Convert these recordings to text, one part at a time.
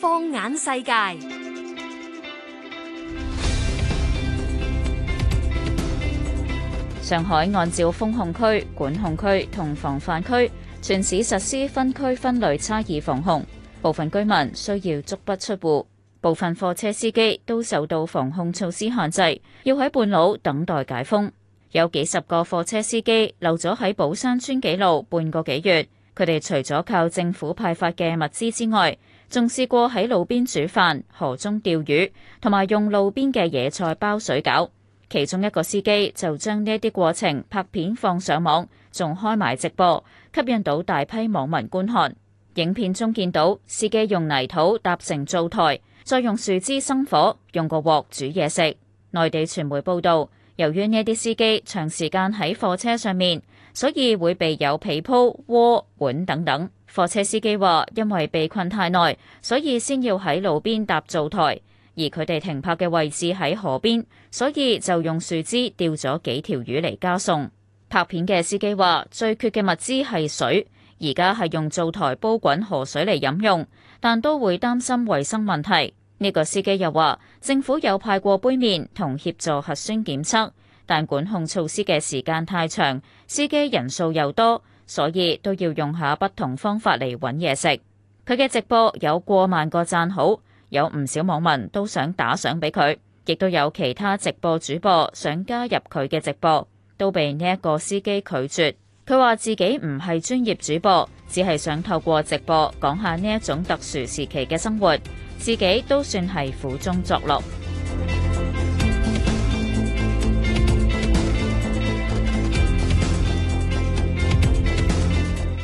放眼世界，上海按照封控區、管控區同防範區，全市實施分區分類差異防控。部分居民需要足不出戶，部分貨車司機都受到防控措施限制，要喺半路等待解封。有幾十個貨車司機留咗喺寶山村紀路半個幾月。佢哋除咗靠政府派發嘅物資之外，仲試過喺路邊煮飯、河中釣魚，同埋用路邊嘅野菜包水餃，其中一個司機就將呢啲過程拍片放上網，仲開埋直播，吸引到大批網民觀看。影片中見到司機用泥土搭成灶台，再用樹枝生火，用個鑊煮嘢食。內地傳媒報道，由於呢啲司機長時間喺貨車上面。所以會備有被鋪、鍋、碗等等。貨車司機話：因為被困太耐，所以先要喺路邊搭灶台。而佢哋停泊嘅位置喺河邊，所以就用樹枝釣咗幾條魚嚟加餸。拍片嘅司機話：最缺嘅物資係水，而家係用灶台煲滾河水嚟飲用，但都會擔心衞生問題。呢、這個司機又話：政府有派過杯麵同協助核酸檢測。但管控措施嘅時間太長，司機人數又多，所以都要用下不同方法嚟揾嘢食。佢嘅直播有過萬個讚好，有唔少網民都想打賞俾佢，亦都有其他直播主播想加入佢嘅直播，都被呢一個司機拒絕。佢話自己唔係專業主播，只係想透過直播講下呢一種特殊時期嘅生活，自己都算係苦中作樂。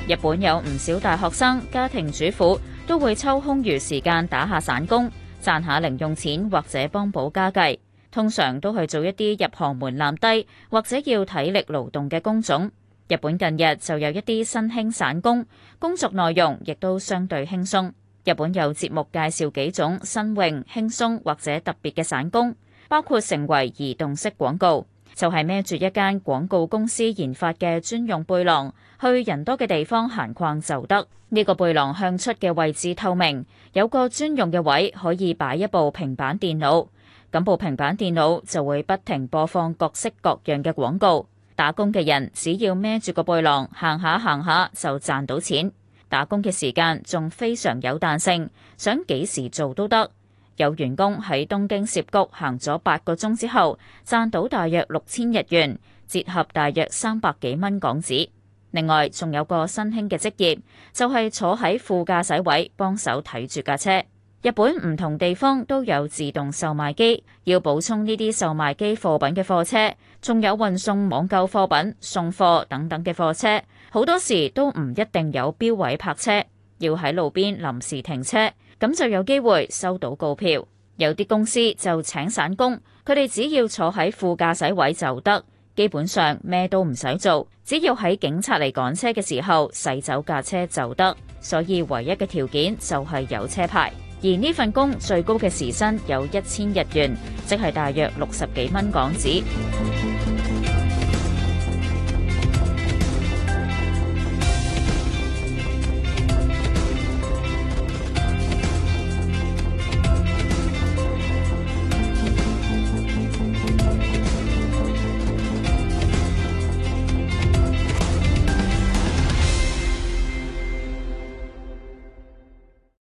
日本有唔少大學生、家庭主婦都會抽空餘時間打下散工，賺下零用錢或者幫補家計。通常都去做一啲入行門檻低或者要體力勞動嘅工種。日本近日就有一啲新興散工，工作內容亦都相對輕鬆。日本有節目介紹幾種新穎、輕鬆或者特別嘅散工，包括成為移動式廣告。就係孭住一間廣告公司研發嘅專用背囊，去人多嘅地方閒逛就得。呢個背囊向出嘅位置透明，有個專用嘅位可以擺一部平板電腦，咁部平板電腦就會不停播放各式各樣嘅廣告。打工嘅人只要孭住個背囊行下行下就賺到錢。打工嘅時間仲非常有彈性，想幾時做都得。有員工喺東京澀谷行咗八個鐘之後，賺到大約六千日元，折合大約三百幾蚊港紙。另外，仲有個新興嘅職業，就係坐喺副駕駛位幫手睇住架車。日本唔同地方都有自動售賣機，要補充呢啲售賣機貨品嘅貨車，仲有運送網購貨品送貨等等嘅貨車，好多時都唔一定有標位泊車，要喺路邊臨時停車。咁就有機會收到告票，有啲公司就請散工，佢哋只要坐喺副駕駛位就得，基本上咩都唔使做，只要喺警察嚟趕車嘅時候駛走架車就得。所以唯一嘅條件就係有車牌，而呢份工最高嘅時薪有一千日元，即係大約六十幾蚊港紙。